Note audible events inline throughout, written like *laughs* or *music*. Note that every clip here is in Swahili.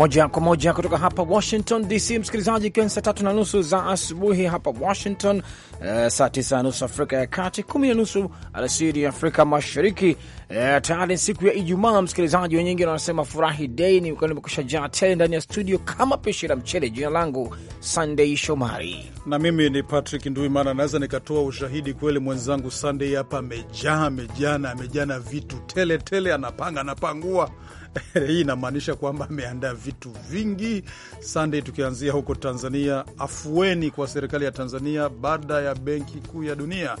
moja kwa moja kutoka hapa Washington DC, msikilizaji, ikiwa ni saa tatu na nusu za asubuhi hapa Washington, uh, saa tisa na nusu Afrika ya Kati, kumi na nusu alasiri Afrika Mashariki. Uh, tayari siku ya Ijumaa, msikilizaji, wenyewe wanasema furahi dei, ni nimekusha jaa tele ndani ya studio kama pishi la mchele. Jina langu Sandei Shomari na mimi ni Patrick Nduimana. Naweza nikatoa ushahidi kweli, mwenzangu Sandei hapa amejaa amejaa amejana vitu tele tele, anapanga anapangua *laughs* Hii inamaanisha kwamba ameandaa vitu vingi. Sunday, tukianzia huko Tanzania, afueni kwa serikali ya Tanzania baada ya Benki Kuu ya Dunia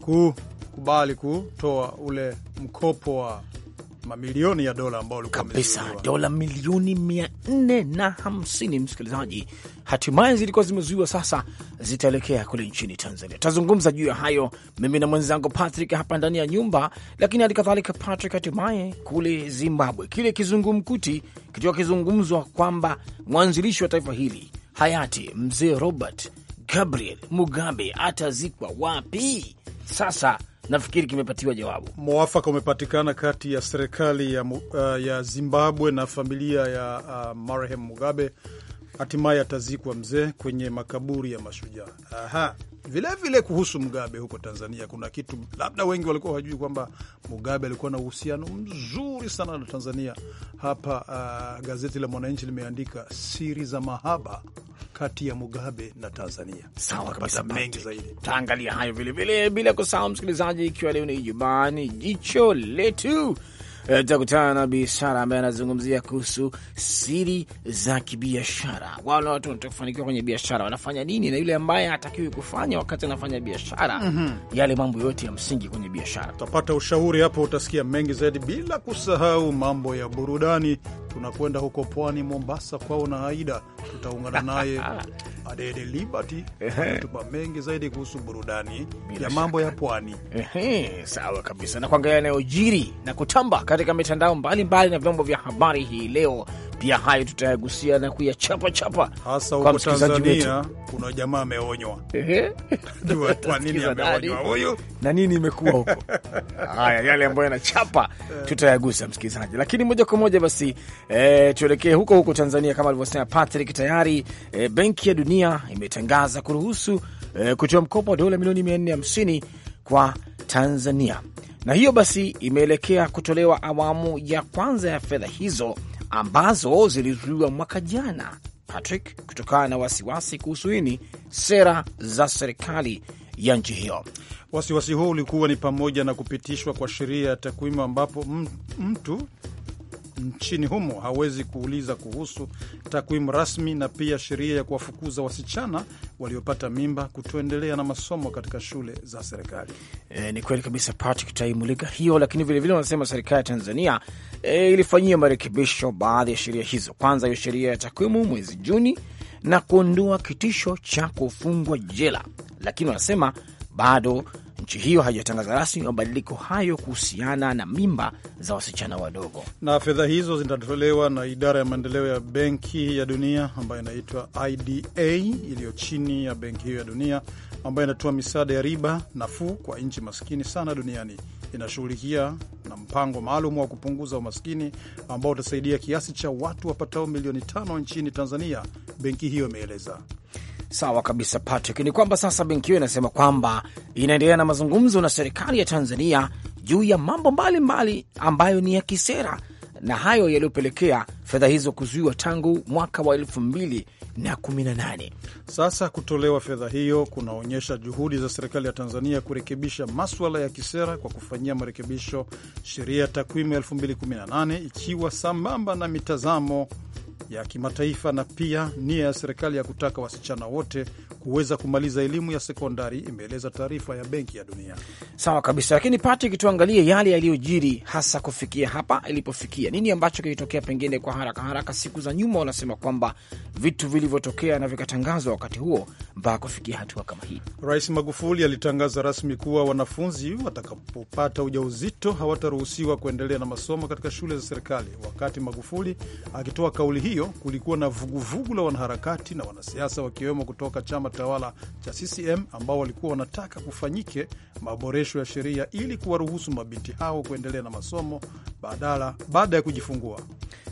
kukubali kutoa ule mkopo wa mamilioni ya dola ambao kabisa, dola milioni mia nne na hamsini msikilizaji, hatimaye zilikuwa zimezuiwa, sasa zitaelekea kule nchini Tanzania. Tutazungumza juu ya hayo mimi na mwenzangu Patrick hapa ndani ya nyumba, lakini hali kadhalika Patrick, hatimaye kule Zimbabwe kile kizungumkuti kilichokuwa kizungumzwa kwamba mwanzilishi wa taifa hili hayati mzee Robert Gabriel Mugabe atazikwa wapi? Sasa nafikiri kimepatiwa jawabu. Mwafaka umepatikana kati ya serikali ya, uh, ya Zimbabwe na familia ya uh, marehemu Mugabe. Hatimaye atazikwa mzee kwenye makaburi ya mashujaa. Aha vilevile vile kuhusu Mugabe huko Tanzania, kuna kitu labda wengi walikuwa hawajui kwamba Mugabe alikuwa na uhusiano mzuri sana na Tanzania. Hapa uh, gazeti la Mwananchi limeandika siri za mahaba kati ya Mugabe na Tanzania. Sawa kabisa, mengi zaidi taangalia hayo vilevile, bila kusahau msikilizaji, ikiwa leo ni Ijumaa, ni jicho letu Eh, tutakutana na Bi ambaye anazungumzia kuhusu siri za kibiashara. Wale watu wanataka kufanikiwa kwenye biashara wanafanya nini, na yule ambaye hatakiwi kufanya wakati anafanya biashara mm -hmm. yale mambo yote ya msingi kwenye biashara. Utapata ushauri hapo, utasikia mengi zaidi, bila kusahau mambo ya burudani. Tunakwenda huko pwani Mombasa kwao na Aida, tutaungana *laughs* naye Adede Liberty anatupa mengi zaidi kuhusu burudani Bila ya mambo shaka ya pwani. Sawa kabisa, na kuangalia yanayojiri na kutamba katika mitandao mbalimbali na vyombo vya habari hii leo pia hayo tutayagusia na kuyachapa chapa, hasa huko Tanzania kuna jamaa ameonywa. Kwa nini ameonywa huyu na nini imekuwa huko? Haya, yale ambayo yanachapa eh. tutayagusa, msikilizaji, lakini moja kwa moja basi e, tuelekee huko huko Tanzania. Kama alivyosema Patrick tayari e, Benki ya Dunia imetangaza kuruhusu e, kutoa mkopo wa dola milioni 450 kwa Tanzania, na hiyo basi imeelekea kutolewa awamu ya kwanza ya fedha hizo ambazo zilizuiwa mwaka jana, Patrick, kutokana na wasiwasi kuhusu ini sera za serikali ya nchi hiyo. Wasiwasi huo ulikuwa ni pamoja na kupitishwa kwa sheria ya takwimu ambapo mtu nchini humo hawezi kuuliza kuhusu takwimu rasmi na pia sheria ya kuwafukuza wasichana waliopata mimba kutoendelea na masomo katika shule za serikali. E, ni kweli kabisa Patrick, tutaimulika hiyo, lakini vilevile wanasema serikali ya Tanzania e, ilifanyia marekebisho baadhi ya sheria hizo. Kwanza hiyo sheria ya takwimu mwezi Juni na kuondoa kitisho cha kufungwa jela, lakini wanasema bado nchi hiyo haijatangaza rasmi mabadiliko hayo kuhusiana na mimba za wasichana wadogo. Na fedha hizo zinatolewa na idara ya maendeleo ya Benki ya Dunia ambayo inaitwa IDA iliyo chini ya benki hiyo ya dunia ambayo inatoa misaada ya riba nafuu kwa nchi maskini sana duniani. Inashughulikia na mpango maalum wa kupunguza umaskini ambao utasaidia kiasi cha watu wapatao milioni tano nchini Tanzania, benki hiyo imeeleza. Sawa kabisa Patrick, ni kwamba sasa benki hiyo inasema kwamba inaendelea na mazungumzo na serikali ya Tanzania juu ya mambo mbalimbali mbali ambayo ni ya kisera na hayo yaliyopelekea fedha hizo kuzuiwa tangu mwaka wa elfu mbili na kumi na nane. Sasa kutolewa fedha hiyo kunaonyesha juhudi za serikali ya Tanzania kurekebisha maswala ya kisera kwa kufanyia marekebisho sheria ya takwimu na nane ikiwa sambamba na mitazamo ya kimataifa na pia nia ya serikali ya kutaka wasichana wote kuweza kumaliza elimu ya sekondari, imeeleza taarifa ya Benki ya Dunia. Sawa kabisa, lakini Patrick, tuangalie yale yaliyojiri hasa kufikia hapa ilipofikia. Nini ambacho kilitokea? Pengine kwa haraka haraka, siku za nyuma wanasema kwamba vitu vilivyotokea na vikatangazwa wakati huo mpaka kufikia hatua kama hii. Rais Magufuli alitangaza rasmi kuwa wanafunzi watakapopata ujauzito hawataruhusiwa kuendelea na masomo katika shule za serikali, wakati Magufuli akitoa kauli hii hiyo kulikuwa na vuguvugu vugu la wanaharakati na wanasiasa wakiwemo kutoka chama tawala cha CCM ambao walikuwa wanataka kufanyike maboresho ya sheria ili kuwaruhusu mabinti hao kuendelea na masomo badala baada ya kujifungua.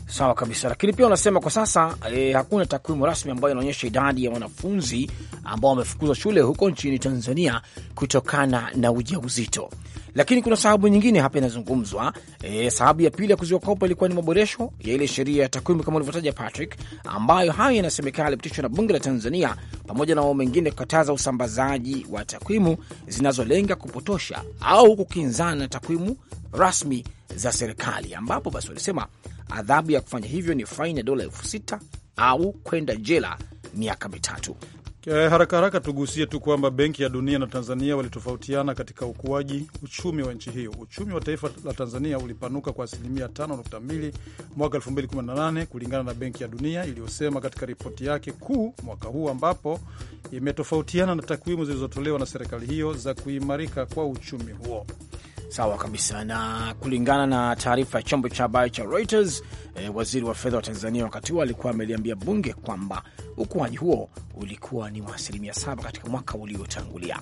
Sawa kabisa, lakini pia wanasema kwa sasa eh, hakuna takwimu rasmi ambayo inaonyesha idadi ya wanafunzi ambao wamefukuzwa shule huko nchini Tanzania kutokana na ujauzito. Lakini kuna sababu nyingine hapa inazungumzwa. E, sababu ya pili ya kuzuia ilikuwa ni maboresho ya ile sheria ya takwimu kama ulivyotaja Patrick, ambayo hayo yanasemekana yalipitishwa na bunge la Tanzania pamoja na mambo mengine, kukataza usambazaji wa takwimu zinazolenga kupotosha au kukinzana na takwimu rasmi za serikali, ambapo basi walisema adhabu ya kufanya hivyo ni faini ya dola elfu sita au kwenda jela miaka mitatu. Eh, haraka haraka tugusie tu kwamba Benki ya Dunia na Tanzania walitofautiana katika ukuaji uchumi wa nchi hiyo. Uchumi wa taifa la Tanzania ulipanuka kwa asilimia 5.2 mwaka 2018 kulingana na Benki ya Dunia iliyosema katika ripoti yake kuu mwaka huu, ambapo imetofautiana na takwimu zilizotolewa na serikali hiyo za kuimarika kwa uchumi huo. Sawa kabisa. Na kulingana na taarifa ya chombo cha habari cha Reuters, e, waziri wa fedha wa Tanzania wakati huo alikuwa ameliambia bunge kwamba ukuaji huo ulikuwa ni wa asilimia saba katika mwaka uliotangulia.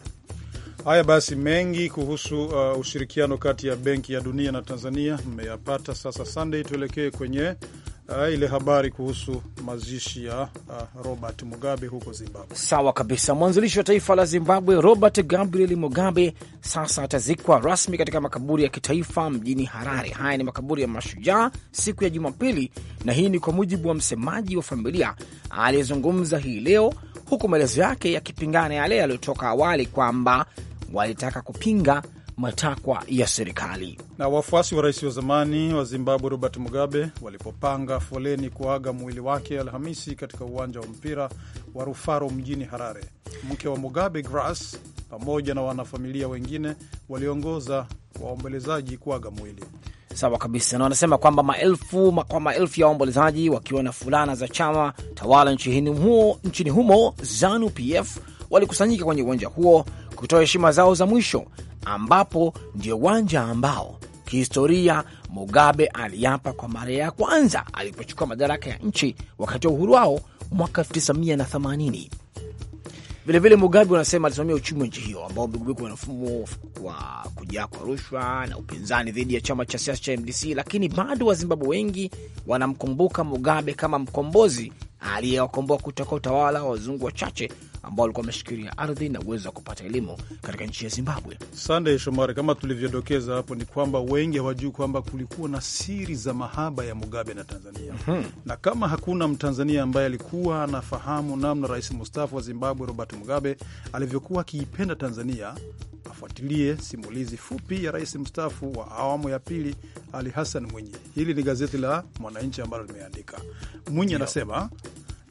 Haya basi, mengi kuhusu uh, ushirikiano kati ya Benki ya Dunia na Tanzania mmeyapata. Sasa Sunday, tuelekee kwenye Uh, ile habari kuhusu mazishi ya uh, Robert Mugabe huko Zimbabwe. Sawa kabisa. Mwanzilishi wa taifa la Zimbabwe Robert Gabriel Mugabe sasa atazikwa rasmi katika makaburi ya kitaifa mjini Harare. Haya ni makaburi ya mashujaa siku ya Jumapili, na hii ni kwa mujibu wa msemaji wa familia aliyezungumza hii leo, huku maelezo yake yakipingana yale yaliyotoka awali kwamba walitaka kupinga matakwa ya serikali. Na wafuasi wa rais wa zamani wa Zimbabwe Robert Mugabe walipopanga foleni kuaga mwili wake Alhamisi katika uwanja wa mpira wa Rufaro mjini Harare, mke wa Mugabe grass pamoja na wanafamilia wengine waliongoza waombolezaji kuaga mwili. Sawa kabisa, na wanasema kwamba maelfu kwa maelfu ya waombolezaji wakiwa na fulana za chama tawala nchini humo, nchini humo ZANU PF walikusanyika kwenye uwanja huo kutoa heshima zao za mwisho, ambapo ndio uwanja ambao kihistoria Mugabe aliapa kwa mara ya kwanza alipochukua madaraka ya nchi wakati wa uhuru wao mwaka 1980. Vilevile Mugabe wanasema alisimamia uchumi wa nchi hiyo ambao umegubikwa na mfumo wa kujaa kwa rushwa na upinzani dhidi ya chama cha siasa cha MDC, lakini bado Wazimbabwe wengi wanamkumbuka Mugabe kama mkombozi aliyewakomboa kutoka utawala wa wazungu wachache ambao walikuwa wameshikilia ardhi na uwezo wa kupata elimu katika nchi ya Zimbabwe. Sande Shomari, kama tulivyodokeza hapo, ni kwamba wengi hawajui kwamba kulikuwa na siri za mahaba ya Mugabe na Tanzania. mm -hmm. Na kama hakuna Mtanzania ambaye alikuwa anafahamu namna rais mustafu wa Zimbabwe Robert Mugabe alivyokuwa akiipenda Tanzania, afuatilie simulizi fupi ya rais mstaafu wa awamu ya pili Ali Hassan Mwinyi. Hili ni gazeti la Mwananchi ambalo limeandika. Mwinyi anasema yeah.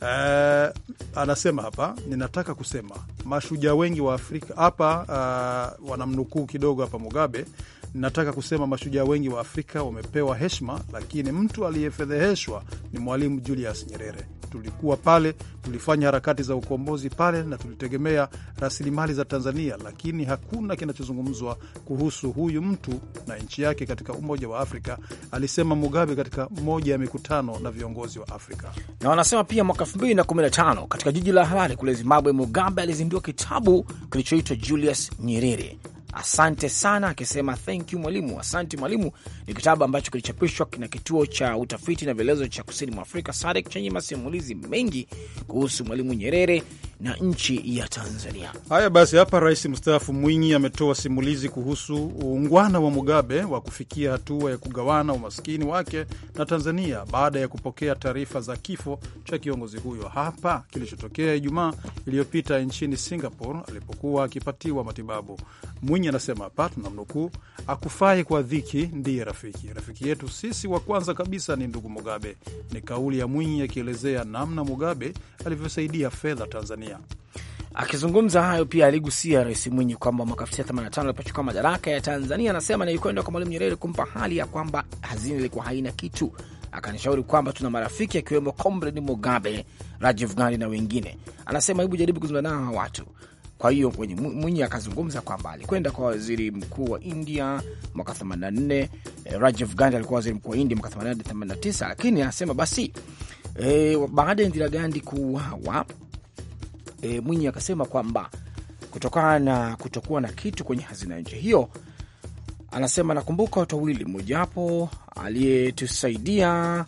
Uh, anasema hapa, ninataka kusema mashujaa wengi wa Afrika hapa, uh, wanamnukuu kidogo hapa Mugabe. Ninataka kusema mashujaa wengi wa Afrika wamepewa heshima, lakini mtu aliyefedheheshwa ni Mwalimu Julius Nyerere tulikuwa pale, tulifanya harakati za ukombozi pale na tulitegemea rasilimali za Tanzania, lakini hakuna kinachozungumzwa kuhusu huyu mtu na nchi yake katika Umoja wa Afrika, alisema Mugabe katika moja ya mikutano na viongozi wa Afrika. Na wanasema pia mwaka 2015 katika jiji la Harare kule Zimbabwe, Mugabe alizindua kitabu kilichoitwa Julius Nyerere asante sana, akisema thank you mwalimu. Asante mwalimu ni kitabu ambacho kilichapishwa na kituo cha utafiti na vielezo cha kusini mwa Afrika SADC chenye masimulizi mengi kuhusu Mwalimu Nyerere na nchi ya Tanzania. Haya basi, hapa Rais mstaafu Mwinyi ametoa simulizi kuhusu uungwana wa Mugabe wa kufikia hatua ya kugawana umaskini wake na Tanzania baada ya kupokea taarifa za kifo cha kiongozi huyo. Hapa kilichotokea Ijumaa iliyopita nchini Singapore alipokuwa akipatiwa matibabu Mwinyi anasema hapa, tunamnukuu, akufai kwa dhiki ndiye rafiki. Rafiki yetu sisi wa kwanza kabisa ni ndugu Mugabe. Ni kauli ya Mwinyi akielezea namna Mugabe alivyosaidia fedha Tanzania. Akizungumza hayo pia aligusia Rais Mwinyi kwamba mwaka 1985 alipochukua madaraka ya Tanzania, anasema na kwa Mwalimu Nyerere kumpa hali ya kwamba hazina ilikuwa haina kitu. Akanishauri kwamba tuna marafiki akiwemo Comrade Mugabe, Rajiv Gandhi na wengine. Anasema hebu jaribu kuzungumza nao hawa watu kwa hiyo Mwinyi akazungumza kwamba alikwenda kwa waziri mkuu wa India mwaka 84, eh, Rajiv Gandhi alikuwa waziri mkuu wa India mwaka 89, lakini anasema basi e, baada ya Indira Gandhi kuuawa e, Mwinyi akasema kwamba kutokana na kutokuwa na kitu kwenye hazina ya nchi hiyo, anasema nakumbuka watu wawili, mmojawapo aliyetusaidia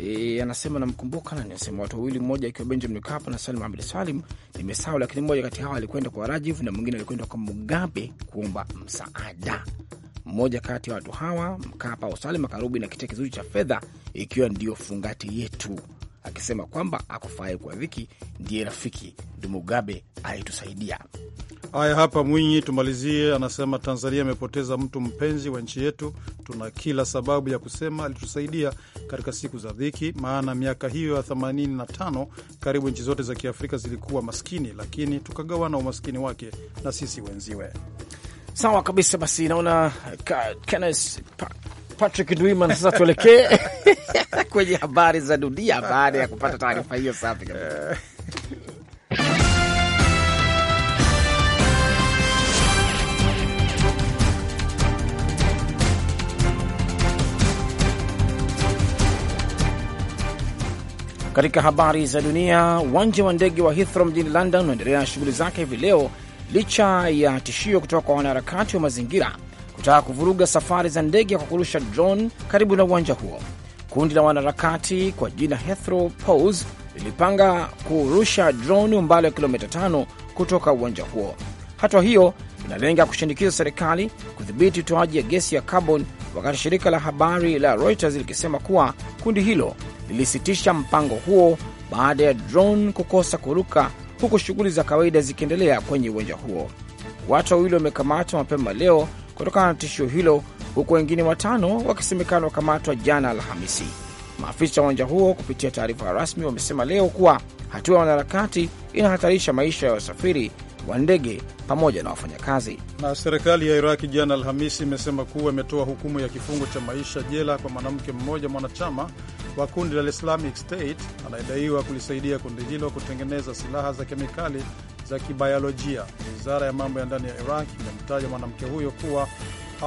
E, anasema namkumbuka na nasema watu wawili, mmoja akiwa Benjamin Mkapa na Salim Ahmed Salim, nimesahau lakini mmoja kati hao alikwenda kwa Rajiv na mwingine alikwenda kwa Mugabe kuomba msaada. Mmoja kati ya watu hawa Mkapa au Salim akarubi na kitia kizuri cha fedha, ikiwa ndiyo fungati yetu akisema kwamba akufaaye kwa dhiki ndiye rafiki. Dumugabe alitusaidia. Haya, hapa Mwinyi tumalizie, anasema Tanzania imepoteza mtu mpenzi wa nchi yetu. Tuna kila sababu ya kusema alitusaidia katika siku za dhiki, maana miaka hiyo ya 85 karibu nchi zote za Kiafrika zilikuwa maskini, lakini tukagawana umaskini wake na sisi wenziwe. Sawa kabisa. Basi naona Patrick Dwiman. Sasa tuelekee *laughs* kwenye habari za dunia baada ya kupata taarifa hiyo safi kabisa. Katika habari za dunia, uwanja wa ndege wa Heathrow mjini London unaendelea na shughuli zake hivi leo licha ya tishio kutoka kwa wanaharakati wa mazingira kutaka kuvuruga safari za ndege kwa kurusha drone karibu na uwanja huo. Kundi la wanaharakati kwa jina Heathrow Pause lilipanga kurusha drone umbali wa kilomita tano kutoka uwanja huo. Hatua hiyo inalenga kushinikiza serikali kudhibiti utoaji ya gesi ya carbon, wakati shirika la habari la Reuters likisema kuwa kundi hilo lilisitisha mpango huo baada ya drone kukosa kuruka, huku shughuli za kawaida zikiendelea kwenye uwanja huo. Watu wawili wamekamatwa mapema leo kutokana na tishio hilo, huku wengine watano wakisemekana wakamatwa jana Alhamisi. Maafisa wa uwanja huo kupitia taarifa rasmi wamesema leo kuwa hatua ya wanaharakati inahatarisha maisha ya wasafiri wa ndege pamoja na wafanyakazi. Na serikali ya Iraki jana Alhamisi imesema kuwa imetoa hukumu ya kifungo cha maisha jela kwa mwanamke mmoja mwanachama wa kundi la Islamic State anayedaiwa kulisaidia kundi hilo kutengeneza silaha za kemikali za kibayolojia. Wizara ya mambo ya ndani ya Iraq imemtaja mwanamke huyo kuwa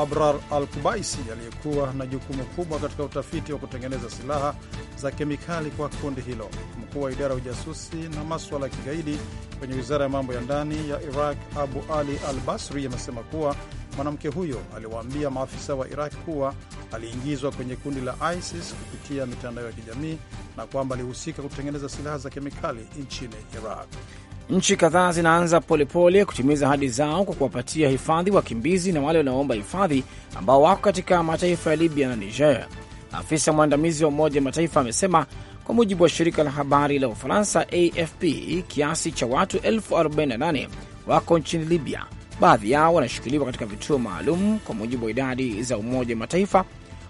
Abrar al Kubaisi aliyekuwa na jukumu kubwa katika utafiti wa kutengeneza silaha za kemikali kwa kundi hilo. Mkuu wa idara ya ujasusi na maswala ya kigaidi kwenye wizara ya mambo ya ndani ya Iraq, Abu Ali al Basri, amesema kuwa mwanamke huyo aliwaambia maafisa wa Iraq kuwa aliingizwa kwenye kundi la ISIS kupitia mitandao ya kijamii na kwamba alihusika kutengeneza silaha za kemikali nchini Iraq. Nchi kadhaa zinaanza polepole kutimiza ahadi zao kwa kuwapatia hifadhi wakimbizi na wale wanaoomba hifadhi ambao wako katika mataifa ya Libya na Niger. Afisa mwandamizi wa Umoja Mataifa amesema kwa mujibu wa shirika la habari la Ufaransa AFP, kiasi cha watu 48 wako nchini Libya. Baadhi yao wanashikiliwa katika vituo maalum kwa mujibu wa idadi za Umoja Mataifa,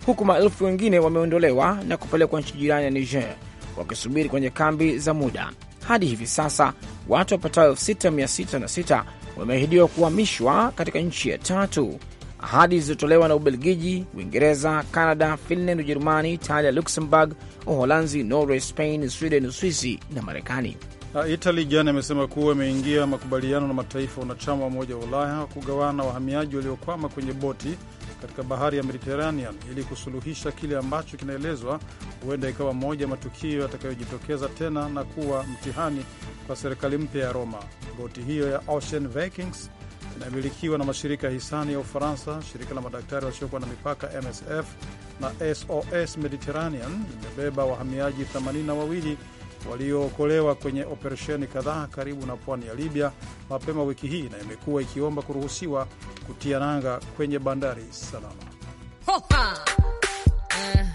huku maelfu wengine wameondolewa na kupelekwa nchi jirani ya Niger wakisubiri kwenye kambi za muda hadi hivi sasa watu wapatao 6606 wameahidiwa kuhamishwa katika nchi ya tatu, ahadi zilizotolewa na Ubelgiji, Uingereza, canada Finland, Ujerumani, Italia, Luxembourg, Uholanzi, Norway, Spain, Sweden, Uswisi na Marekani. Itali jana imesema kuwa imeingia makubaliano na mataifa wanachama wa Umoja wa Ulaya kugawana wahamiaji waliokwama kwenye boti katika bahari ya Mediterranean ili kusuluhisha kile ambacho kinaelezwa huenda ikawa moja matukio yatakayojitokeza tena na kuwa mtihani kwa serikali mpya ya Roma. Boti hiyo ya Ocean Vikings inamilikiwa na mashirika hisani ya Ufaransa, shirika la madaktari wasiokuwa na mipaka MSF na SOS Mediterranean imebeba wahamiaji themanini na wawili waliookolewa kwenye operesheni kadhaa karibu na pwani ya Libya mapema wiki hii na imekuwa ikiomba kuruhusiwa kutia nanga kwenye bandari salama. Hopa. Eh,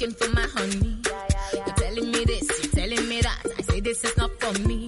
looking for my honey. You're telling me this, you're telling me that. I say this is not for me.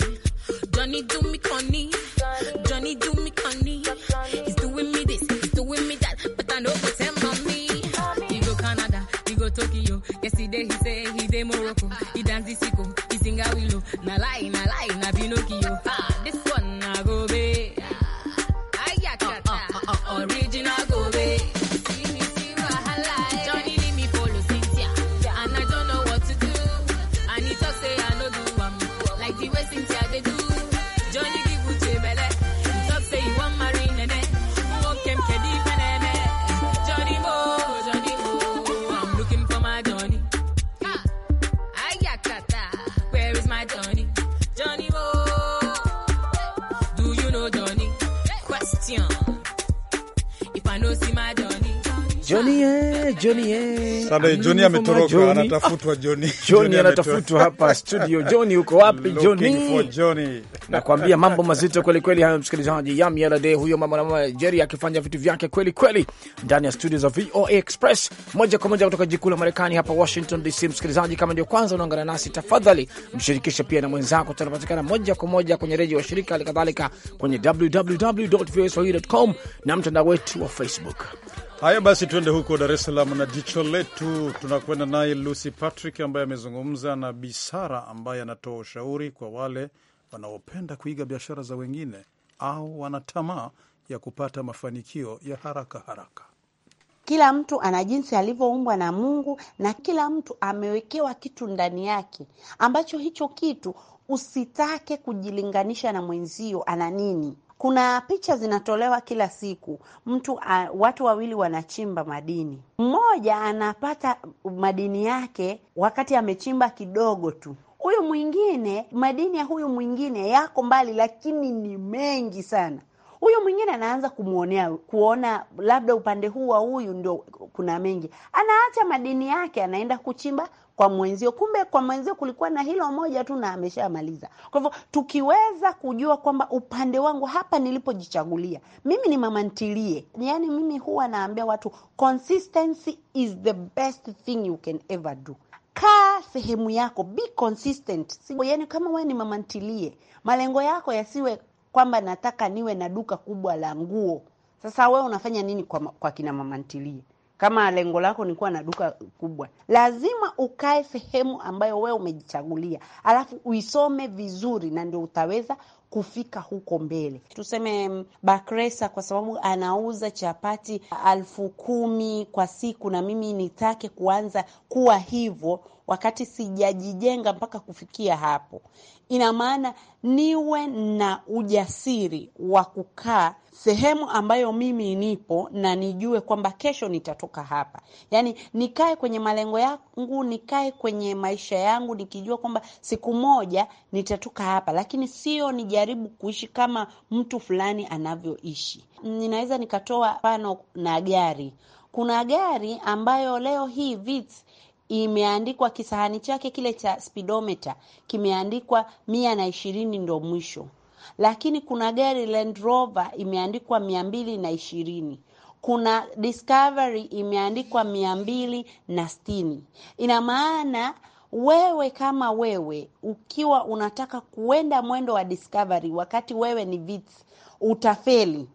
my journey. Eh, eh. Johnny, Johnny. Johnny ametoroka, anatafutwa *laughs* Johnny. Johnny anatafutwa hapa studio. Johnny uko wapi Johnny? Johnny. Nakwambia mambo mazito kweli kweli msikilizaji. Yam yala day huyo mama na mama Jerry akifanya vitu vyake kweli kweli ndani ya studio za VOA Express moja kwa moja kutoka jikuu la Marekani hapa Washington DC. Msikilizaji, kama ndio kwanza unaungana nasi, tafadhali mshirikishe pia na mwenzako. Tunapatikana moja kwa moja kwenye redio wa shirika halikadhalika kwenye www.voaswahili.com na mtandao wetu wa Facebook. Haya basi, tuende huko Dar es Salaam na jicho letu. Tunakwenda naye Lucy Patrick ambaye amezungumza na Bisara ambaye anatoa ushauri kwa wale wanaopenda kuiga biashara za wengine au wana tamaa ya kupata mafanikio ya haraka haraka. Kila mtu ana jinsi alivyoumbwa na Mungu, na kila mtu amewekewa kitu ndani yake ambacho hicho kitu usitake kujilinganisha na mwenzio ana nini kuna picha zinatolewa kila siku, mtu a, watu wawili wanachimba madini, mmoja anapata madini yake wakati amechimba kidogo tu huyu mwingine madini ya huyu mwingine yako mbali, lakini ni mengi sana. Huyu mwingine anaanza kumwonea, kuona labda upande huu wa huyu ndio kuna mengi, anaacha madini yake, anaenda kuchimba kwa mwenzio. Kumbe kwa mwenzio kulikuwa na hilo moja tu na ameshamaliza. Kwa hivyo tukiweza kujua kwamba upande wangu hapa nilipojichagulia mimi ni mama ntilie, yani mimi huwa naambia watu consistency is the best thing you can ever do. Kaa sehemu yako, be consistent. Yani kama wewe ni mama ntilie, malengo yako yasiwe kwamba nataka niwe na duka kubwa la nguo. Sasa wewe unafanya nini kwa, kwa kina mama ntilie? Kama lengo lako ni kuwa na duka kubwa, lazima ukae sehemu ambayo wewe umejichagulia, alafu uisome vizuri, na ndio utaweza kufika huko mbele. Tuseme mm, Bakresa kwa sababu anauza chapati alfu kumi kwa siku, na mimi nitake kuanza kuwa hivyo wakati sijajijenga mpaka kufikia hapo, ina maana niwe na ujasiri wa kukaa sehemu ambayo mimi nipo na nijue kwamba kesho nitatoka hapa. Yaani nikae kwenye malengo yangu, nikae kwenye maisha yangu nikijua kwamba siku moja nitatoka hapa, lakini sio nijaribu kuishi kama mtu fulani anavyoishi. Ninaweza nikatoa mfano na gari. Kuna gari ambayo leo hii VITS imeandikwa kisahani chake kile cha spidometa kimeandikwa mia na ishirini ndo mwisho lakini kuna gari Land Rover imeandikwa mia mbili na ishirini kuna Discovery imeandikwa mia mbili na sitini. Ina maana wewe kama wewe ukiwa unataka kuenda mwendo wa Discovery wakati wewe ni vits utafeli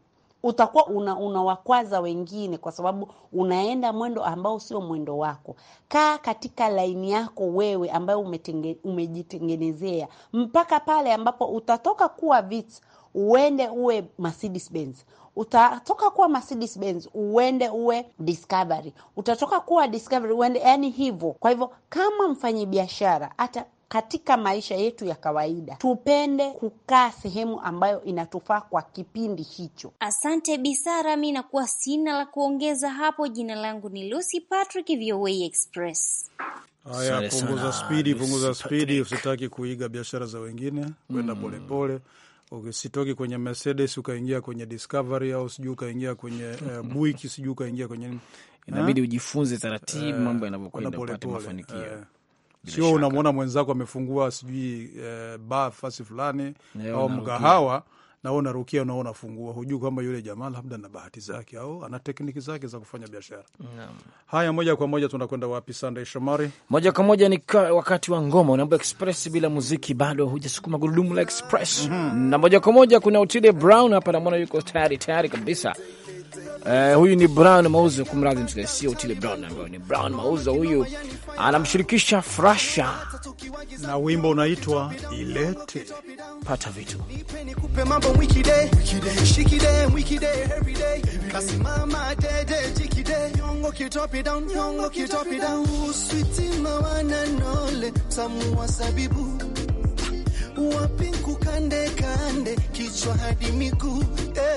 utakuwa una, wengine kwa sababu unaenda mwendo ambao sio mwendo wako. Kaa katika laini yako wewe ambayo umetenge, umejitengenezea mpaka pale ambapo utatoka kuwa Vitz uende uwe Mercedes Benz utatoka kuwa Mercedes Benz uende uwe Discovery, utatoka kuwa Discovery uende, yani hivyo. Kwa hivyo kama mfanyi biashara hata katika maisha yetu ya kawaida, tupende kukaa sehemu ambayo inatufaa kwa kipindi hicho. Asante Bisara, mi nakuwa sina la kuongeza hapo. Jina langu ni Lucy Patrick, VOA Express. Haya, punguza spidi, punguza spidi, usitaki kuiga biashara za wengine, kwenda mm, polepole Usitoki kwenye Mercedes ukaingia kwenye Discovery au sijui ukaingia kwenye uh, *laughs* Buick sijui ukaingia kwenye Inabidi eh? ujifunze taratibu eh, mambo yanavyokwenda upate mafanikio sio unamwona mwenzako amefungua sijui e, eh, baa fasi fulani au mgahawa na wewe unarukia, na wewe unafungua, hujui kwamba yule jamaa labda na bahati zake au ana tekniki zake za kufanya biashara. Haya, moja kwa moja tunakwenda wapi, Sandey Shomari? Moja kwa moja ni wakati wa ngoma. Unaambia express bila muziki bado hujasukuma gurudumu la express. mm -hmm. na moja kwa moja kuna Otile Brown hapa, namwona yuko tayari tayari kabisa Eh, huyu ni Brown Mauzo, kumradhi msikilizaji, sio Otile Brown ambaye ni Brown Mauzo. Huyu anamshirikisha Frasha na wimbo unaitwa Ilete. Pata vitu wapi, kande kande kichwa hadi miguu eh.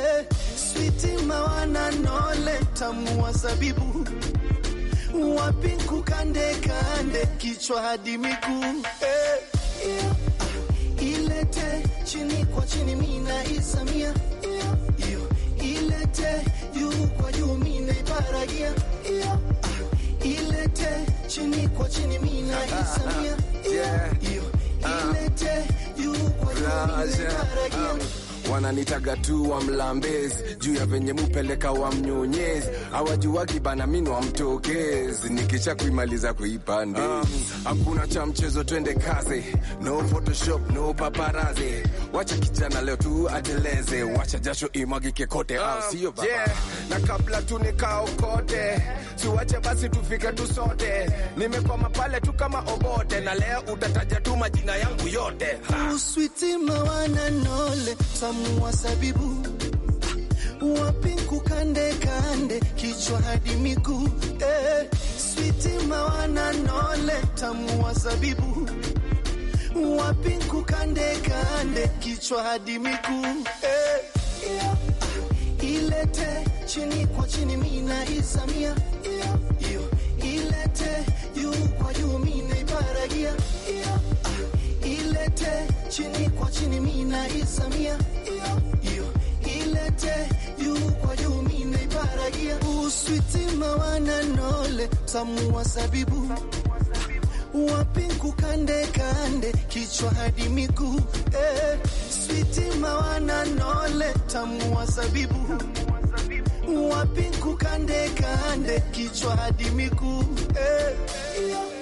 Sweetie mawana nole tamu wa zabibu wapinku kande kande kichwa hadi miguu eh, yeah. ah, ilete chini kwa chini mina isamia yeah. yeah. ilete juu kwa juu mina iparagia yeah. ah, ilete chini kwa chini mina ah, ah, isamia yeah. yeah. ilete juu kwa juu mina ibaragia ah, wananitaga tu wa mlambezi juu ya venye mupeleka wa mnyonyezi awajuwagi bana minu mtokezi nikisha kuimaliza kuipande ah. hakuna um, cha mchezo twende kaze no photoshop no paparazi wacha kijana leo tu ateleze wacha jasho imwagike kote um, au ah, sio baba yeah. na kabla tu nikaokote siwache basi tufike tu sote nimekwama pale tu kama obote na leo utataja tu majina yangu yote ha uswitima wananole tamu wasabibu wapinku kande kande kichwa hadi miguu eh, switima wananole tamu wasabibu wapinku kande kande kichwa hadi miguu eh, yeah. Ilete chini kwa chini mina isamia yeah. Ilete juu kwa juu mina ibaragia ilete chini kwa chini, mimi naisamia hiyo hiyo, ilete juu kwa juu, mimi naiparagia uswiti mawana nole tamu wa zabibu wapinku kande kande kichwa hadi miguu eh, switi mawana nole tamu wa zabibu wapinku kande kande kichwa hadi miguu eh, yeah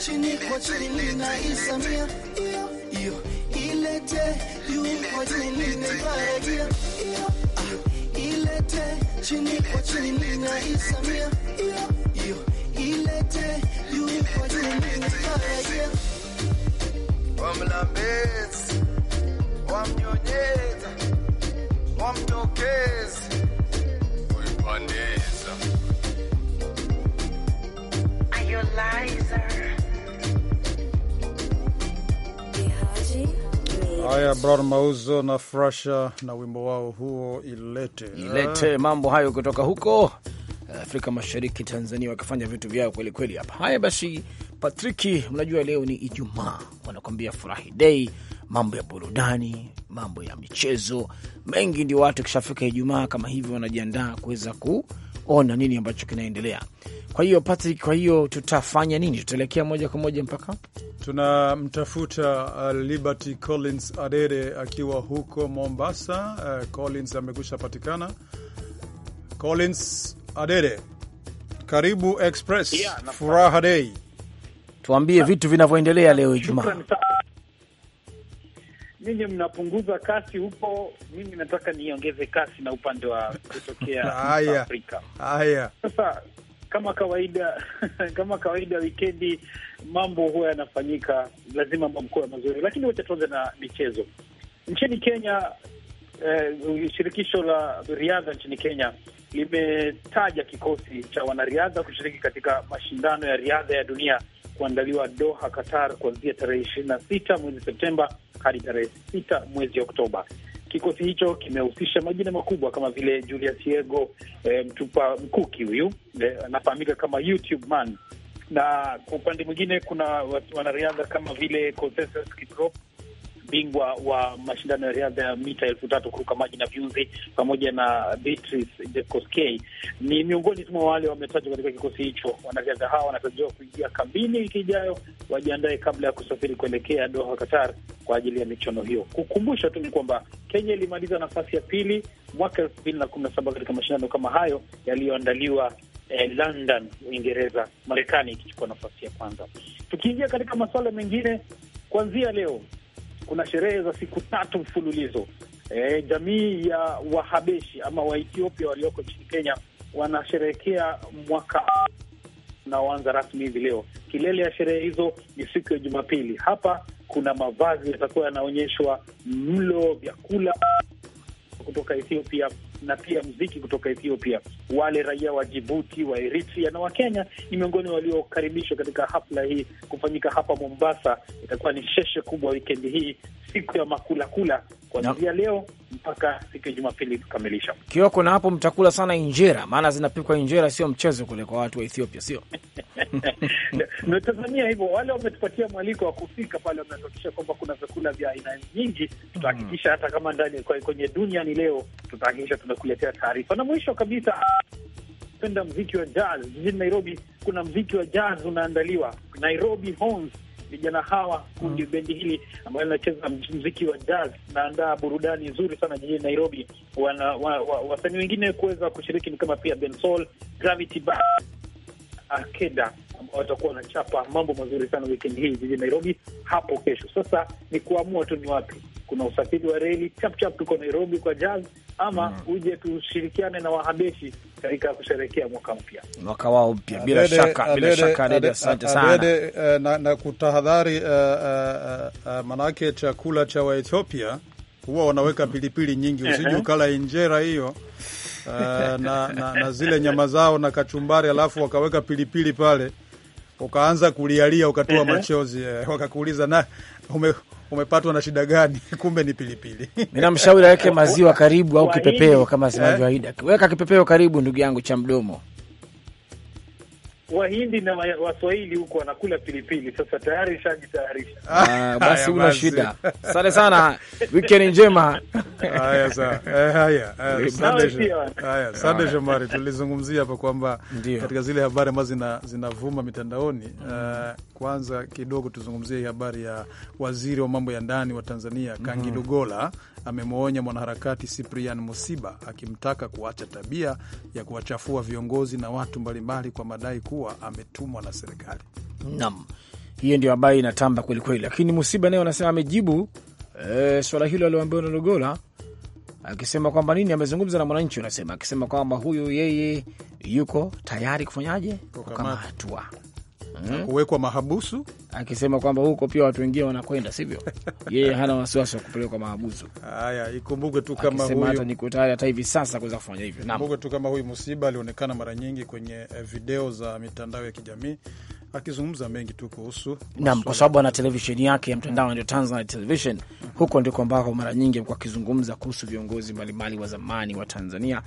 chini kwa chini na isamia iyo iyo ilete juu kwa chini na iyo ah. ilete chini kwa chini na isamia iyo iyo ilete juu kwa chini na wamlambezi wamnyonyeza wamtokezi kuipandeza Your lies are Haya, Brown Mauzo na Frasha na wimbo wao huo ilete ilete, mambo hayo kutoka huko eh, Afrika Mashariki, Tanzania, wakifanya vitu vyao kweli kweli hapa. Haya basi, Patriki, unajua leo ni Ijumaa, wanakwambia furahi dei, mambo ya burudani, mambo ya michezo mengi, ndio watu kishafika Ijumaa kama hivyo wanajiandaa kuweza ku ona nini ambacho kinaendelea. Kwa hiyo Patrick, kwa hiyo tutafanya nini? Tutaelekea moja kwa moja mpaka tunamtafuta uh, Liberty Collins Adede akiwa huko Mombasa. Uh, Collins amekusha patikana. Collins Adede, karibu Express yeah, furaha dei, tuambie vitu vinavyoendelea leo Ijumaa mimi mnapunguza kasi huko, mimi nataka niongeze kasi na upande wa kutokea *laughs* Afrika. Haya sasa, kama kawaida *laughs* kama kawaida, wikendi mambo huwa yanafanyika, lazima mamkuwa mazuri, lakini wacha tuanze na michezo nchini Kenya. Eh, shirikisho la riadha nchini Kenya limetaja kikosi cha wanariadha kushiriki katika mashindano ya riadha ya dunia kuandaliwa Doha, Qatar, kuanzia tarehe ishirini na sita mwezi Septemba hadi tarehe sita mwezi Oktoba. Kikosi hicho kimehusisha majina makubwa kama vile Julius Yego, e, eh, mtupa mkuki huyu eh, anafahamika kama YouTube man, na kwa upande mwingine kuna wanariadha kama vile Kostas Kiprop bingwa wa mashindano ya riadha ya mita elfu tatu kuruka maji na viunzi pamoja na Beatrice Jekosgei ni miongoni mwa wale wametajwa katika kikosi hicho. Wanariadha hawa wanatarajiwa kuingia kambini wiki ijayo, wajiandae kabla ya kusafiri kuelekea Doha, Qatar, kwa ajili ya michuano hiyo. Kukumbusha tu ni kwamba Kenya ilimaliza nafasi ya pili mwaka elfu mbili na kumi na saba katika mashindano kama hayo yaliyoandaliwa eh, London, Uingereza, Marekani ikichukua nafasi ya kwanza. Tukiingia katika masuala mengine, kuanzia leo kuna sherehe za siku tatu mfululizo. E, jamii ya Wahabeshi ama Waethiopia walioko nchini Kenya wanasherehekea mwaka unaoanza rasmi hivi leo. Kilele ya sherehe hizo ni siku ya Jumapili. Hapa kuna mavazi yatakuwa yanaonyeshwa, mlo, vyakula kutoka Ethiopia na pia mziki kutoka Ethiopia. Wale raia wa Jibuti, wa Eritrea na wa Kenya ni miongoni waliokaribishwa katika hafla hii kufanyika hapa Mombasa. Itakuwa ni sheshe kubwa wikendi hii siku ya makulakula kuanzia leo mpaka siku ya Jumapili kukamilisha. Kioko, na hapo mtakula sana injera, maana zinapikwa injera, sio mchezo kule kwa watu wa Ethiopia, sio *laughs* natazamia hivyo. Wale wametupatia mwaliko wa kufika pale, wamehakikisha kwamba kuna vyakula vya aina nyingi. Tutahakikisha mm. hata kama ndani kwenye duniani leo, tutahakikisha tumekuletea taarifa. Na mwisho kabisa penda mziki wa jazz jijini Nairobi, kuna mziki wa jazz unaandaliwa Nairobi Horns vijana hawa kundi mm. bendi hili ambayo linacheza mziki wa jazz, naandaa burudani nzuri sana jijini Nairobi. Wana wa, wa, wasanii wengine kuweza kushiriki ni kama pia Ben Gravity Band, Akeda watakuwa wanachapa mambo mazuri sana wikendi hii jijini Nairobi hapo kesho. Sasa ni kuamua tu ni wapi kuna usafiri wa reli chapchap, tuko Nairobi kwa jazz ama mm, uje tushirikiane na Wahabeshi katika kusherekea mwaka mpya, mwaka wao mpya. Bila shaka, bila shaka, asante sana eh, na, na kutahadhari uh, uh, uh, manake chakula cha Waethiopia huwa wanaweka pilipili nyingi, usije ukala injera hiyo uh, na, na, na zile nyama zao na kachumbari, alafu wakaweka pilipili pale ukaanza kulialia ukatoa machozi, eh, wakakuuliza na ume, umepatwa na shida gani? *laughs* Kumbe ni pilipili. *laughs* Ninamshauri aweke maziwa karibu au kipepeo, kama eh? zinavyoaida, Aida, weka kipepeo karibu, ndugu yangu cha mdomo Wahindi na Waswahili huko wanakula pilipili. Sasa tayari shajitayarisha. Ah, basi una shida. Asante sana, wikendi njema. Haya eh, haya eh, Sande Shomari, tulizungumzia hapa kwamba katika zile habari ambazo zinavuma mitandaoni uh, kwanza kidogo tuzungumzie habari ya waziri wa mambo ya ndani wa Tanzania Kangi mhm. Lugola amemwonya mwanaharakati Cyprian Musiba akimtaka kuacha tabia ya kuwachafua viongozi na watu mbalimbali kwa madai kuwa ametumwa na serikali. Naam, hiyo ndio ambayo inatamba kwelikweli, lakini Musiba naye anasema amejibu e, swala hilo alioambiwa na Lugola akisema kwamba nini, amezungumza na Mwananchi, anasema akisema kwamba huyu yeye yuko tayari kufanyaje, kukamatwa hmm, kuwekwa mahabusu, akisema kwamba huko pia watu wengine wanakwenda, sivyo? *laughs* Yeye hana wasiwasi wa kupelekwa mahabusu. Haya, ikumbuke tu kama huyu, hata niko tayari hata hivi sasa kuweza kufanya hivyo. Ikumbuke tu kama huyu msiba alionekana mara nyingi kwenye eh, video za mitandao ya kijamii akizungumza mengi tu kuhusu nam, kwa sababu ana televisheni yake ya mtandao ndio Tanzania Television. Huko ndiko ambako mara nyingi amekuwa akizungumza kuhusu viongozi mbalimbali wa zamani wa Tanzania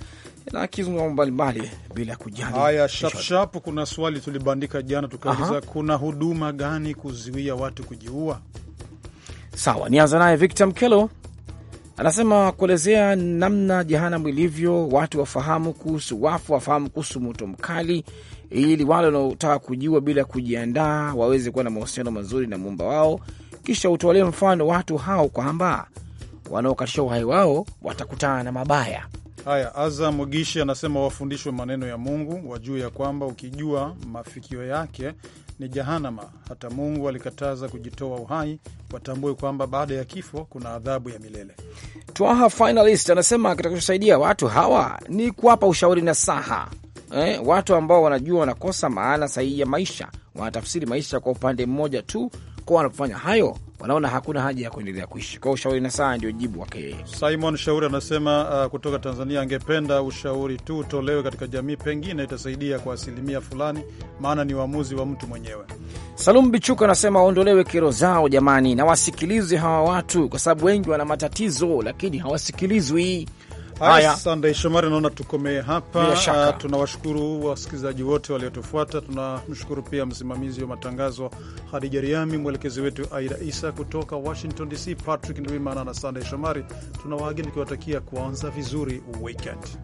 na akizungumza mbalimbali bila kujali. Haya, shapshap, kuna swali tulibandika jana tukauliza, kuna huduma gani kuzuia watu kujiua? Sawa, nianza naye Victor Mkelo anasema kuelezea namna jehanamu ilivyo, watu wafahamu kuhusu wafu, wafahamu kuhusu moto mkali, ili wale wanaotaka kujua bila kujiandaa waweze kuwa na mahusiano mazuri na muumba wao. Kisha utoalie mfano watu hao kwamba wanaokatisha uhai wao watakutana na mabaya haya. aza Mugishi anasema wafundishwe maneno ya Mungu, wajue ya kwamba ukijua mafikio yake ni jahanama. Hata Mungu alikataza kujitoa uhai, watambue kwamba baada ya kifo kuna adhabu ya milele. Twaha Finalist anasema kitakachosaidia watu hawa ni kuwapa ushauri na saha eh, watu ambao wanajua wanakosa maana sahihi ya maisha, wanatafsiri maisha kwa upande mmoja tu, kwa wanapofanya hayo wanaona hakuna haja ya kuendelea kuishi kwao. Ushauri na saa ndio jibu wake. Simon Shauri anasema uh, kutoka Tanzania angependa ushauri tu utolewe katika jamii, pengine itasaidia kwa asilimia fulani, maana ni uamuzi wa mtu mwenyewe. Salum Bichuka anasema waondolewe kero zao jamani, na wasikilizwe hawa watu, kwa sababu wengi wana matatizo lakini hawasikilizwi. Haya, Sunday Shomari, naona tukomee hapa. Uh, tunawashukuru wasikilizaji wote waliotufuata. Tunamshukuru pia msimamizi wa matangazo Hadija Riami, mwelekezi wetu Aida Isa kutoka Washington DC, Patrick Ndwimana na Sunday Shomari. Tunawaageni tukiwatakia kuanza vizuri weekend.